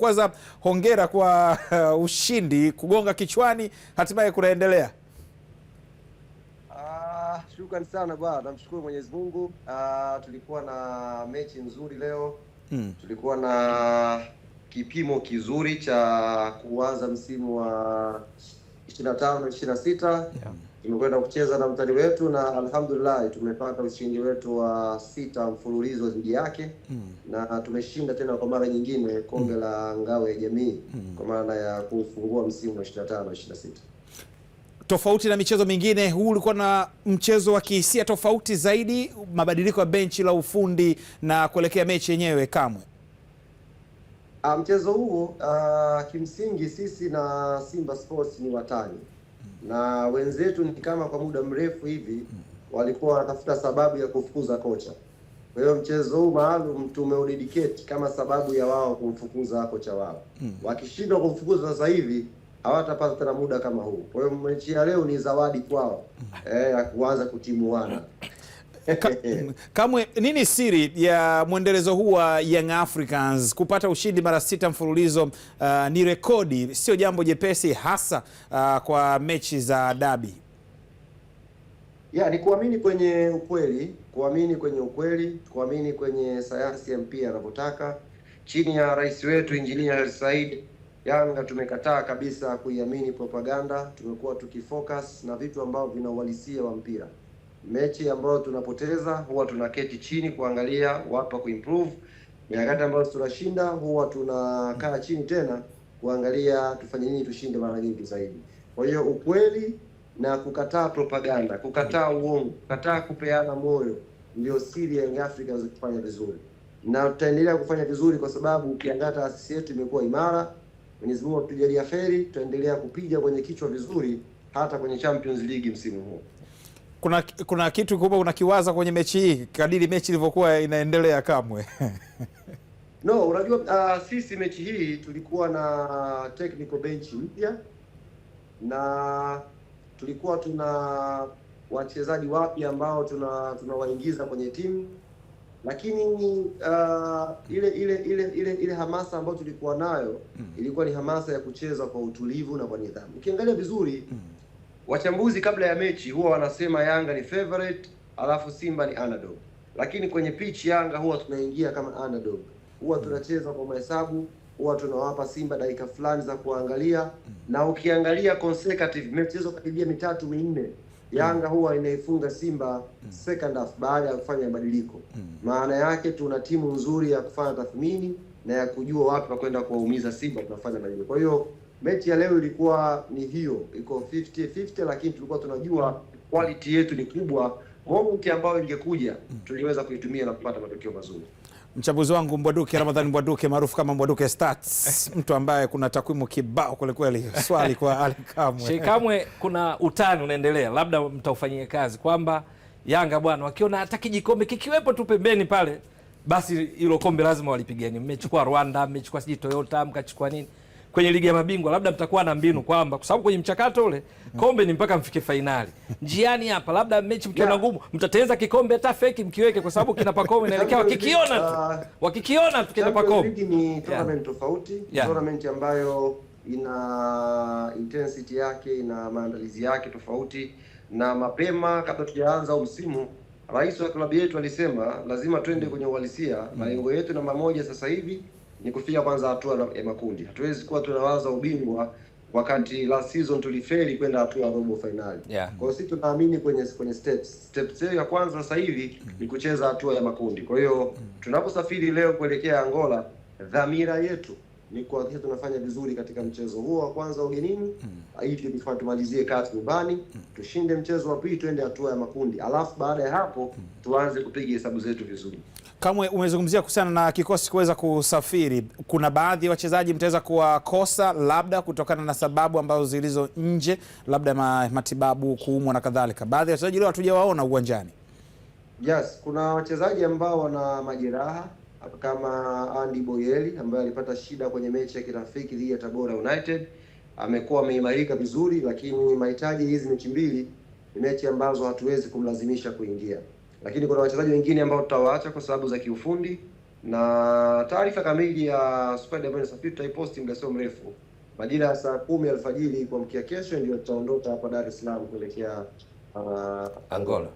Kwanza hongera kwa uh, ushindi kugonga kichwani hatimaye kunaendelea. Ah, shukrani sana bwana, namshukuru Mwenyezi Mungu. Ah, tulikuwa na mechi nzuri leo hmm. Tulikuwa na kipimo kizuri cha kuanza msimu wa 25 26 yeah tumekwenda kucheza na mtani wetu na alhamdulillah tumepata ushindi wetu wa sita mfululizo dhidi yake mm. na tumeshinda tena kwa mara nyingine kombe mm. la ngao ya jamii mm. kwa maana ya kufungua msimu wa 25 26. Tofauti na michezo mingine, huu ulikuwa na mchezo wa kihisia tofauti zaidi, mabadiliko ya benchi la ufundi na kuelekea mechi yenyewe. Kamwe ah, mchezo huo uh, kimsingi sisi na Simba Sports ni watani na wenzetu ni kama kwa muda mrefu hivi walikuwa wanatafuta sababu ya kufukuza kocha. Kwa hiyo mchezo huu maalum tumeudedicate kama sababu ya wao kumfukuza kocha wao. Hmm. Wakishindwa kumfukuza sasa hivi hawatapata tena muda kama huu. Kwa hiyo mechi ya leo ni zawadi kwao, hmm. eh, ya kuanza kutimuana. Eh, ka, kamwe nini siri ya mwendelezo huu wa Young Africans kupata ushindi mara sita mfululizo? Uh, ni rekodi, sio jambo jepesi hasa uh, kwa mechi za dabi. Ya, ni kuamini kwenye ukweli, kuamini kwenye ukweli, kuamini kwenye sayansi ya mpira anavyotaka. Chini ya rais wetu Injinia Hersi Said, Yanga tumekataa kabisa kuiamini propaganda, tumekuwa tukifocus na vitu ambavyo vina uhalisia wa mpira mechi ambayo tunapoteza huwa tunaketi chini kuangalia wapa kuimprove. Nyakati ambazo tunashinda huwa tunakaa chini tena kuangalia tufanye nini tushinde mara nyingi zaidi. Kwa hiyo ukweli na kukataa propaganda, kukataa uongo, kukataa kupeana moyo ndio siri ya Young Africans kufanya vizuri, na tutaendelea kufanya vizuri kwa sababu ukiangalia taasisi yetu imekuwa imara. Mwenyezi Mungu atujalia kheri, tutaendelea kupiga kwenye kichwa vizuri hata kwenye Champions League msimu huu kuna, kuna kitu kubwa unakiwaza kwenye mechi hii kadiri mechi ilivyokuwa inaendelea kamwe? No, unajua uh, sisi mechi hii tulikuwa na technical bench mpya na tulikuwa tuna wachezaji wapya ambao tuna tunawaingiza kwenye timu, lakini uh, ile ile ile ile ile hamasa ambayo tulikuwa nayo hmm. ilikuwa ni hamasa ya kucheza kwa utulivu na kwa nidhamu. Ukiangalia vizuri mm. Wachambuzi kabla ya mechi huwa wanasema Yanga ni favorite, alafu Simba ni underdog, lakini kwenye pitch Yanga huwa tunaingia kama underdog, huwa tunacheza kwa mahesabu, huwa tunawapa Simba dakika fulani za kuangalia, mm. na ukiangalia consecutive mechi karibia mitatu minne mm. Yanga huwa inaifunga Simba mm. second half baada ya kufanya mabadiliko. Maana yake tuna timu nzuri ya kufanya tathmini na ya kujua watu na kwenda kuwaumiza Simba, tunafanya na Kwa hiyo mechi ya leo ilikuwa ni hiyo, iko 50 50, lakini tulikuwa tunajua quality yetu ni kubwa. Momke ambayo ingekuja mm. tuliweza kuitumia na kupata matokeo mazuri. Mchambuzi wangu Mbwaduke Ramadhani Mbwaduke maarufu kama Mbwaduke Stats, mtu ambaye kuna takwimu kibao kwelikweli kweli. Swali kwa Ali Kamwe, Sheikh Kamwe, kuna utani unaendelea, labda mtaufanyia kazi kwamba Yanga bwana wakiona hata kijikombe kikiwepo tu pembeni pale basi hilo kombe lazima walipigeni. Mmechukua Rwanda, mmechukua sijui Toyota, mkachukua nini kwenye ligi ya mabingwa, labda mtakuwa na mbinu kwamba kwa sababu kwenye mchakato ule kombe ni mpaka mfike fainali. Njiani hapa labda mechi mkiona yeah, ngumu, mtatenza kikombe hata feki mkiweke, kwa sababu kina Pacome inaelekea wakikiona tu wakikiona tu kina Pacome. Ni tournament tofauti, tournament ambayo ina intensity yake, ina maandalizi yake tofauti, na mapema kabla tujaanza msimu Rais wa klabu yetu alisema lazima twende kwenye uhalisia mm. Malengo yetu namba moja sasa hivi ni kufika kwanza hatua ya makundi. Hatuwezi kuwa tunawaza ubingwa wakati last season tulifeli kwenda hatua ya robo finali. Yeah. Kwa hiyo sisi tunaamini kwenye kwenye steps. Steps ya kwanza sasa hivi mm. ni kucheza hatua ya makundi. Kwa hiyo mm. tunaposafiri leo kuelekea Angola, dhamira yetu ni kuhakikisha tunafanya vizuri katika mchezo huo wa kwanza ugenini mm. ili tufanye tumalizie kazi nyumbani mm. tushinde mchezo wa pili tuende hatua ya makundi, alafu baada ya hapo mm. tuanze kupiga hesabu zetu vizuri. Kamwe, umezungumzia kuhusiana na kikosi kuweza kusafiri, kuna baadhi ya wachezaji mtaweza kuwakosa labda kutokana na sababu ambazo zilizo nje, labda matibabu, kuumwa na kadhalika. Baadhi ya wachezaji leo hatujawaona uwanjani. Yes, kuna wachezaji ambao wana majeraha kama Andy Boyeli ambaye alipata shida kwenye mechi ya kirafiki dhidi ya Tabora United amekuwa ameimarika vizuri, lakini mahitaji hizi mechi mbili ni mechi ambazo hatuwezi kumlazimisha kuingia, lakini kuna wachezaji wengine ambao tutawaacha kwa sababu za kiufundi, na taarifa kamili ya Spider Man Safari tutaiposti muda sio mrefu, majira ya saa kumi alfajiri mkia kesho, ndio tutaondoka hapa Dar es Salaam kuelekea uh, Angola.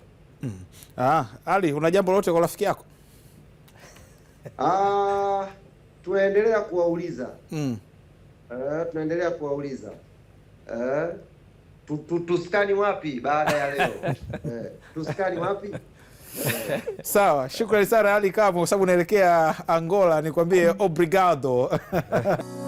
Mm. Ah, Ali, una jambo lolote kwa rafiki yako? Ah, tunaendelea kuwauliza mm. Uh, tunaendelea kuwauliza uh, tu, tu, tuskani wapi baada ya leo uh, tuskani wapi? Sawa, shukrani sana Ali Kamwe, kwa sababu unaelekea Angola, nikwambie obrigado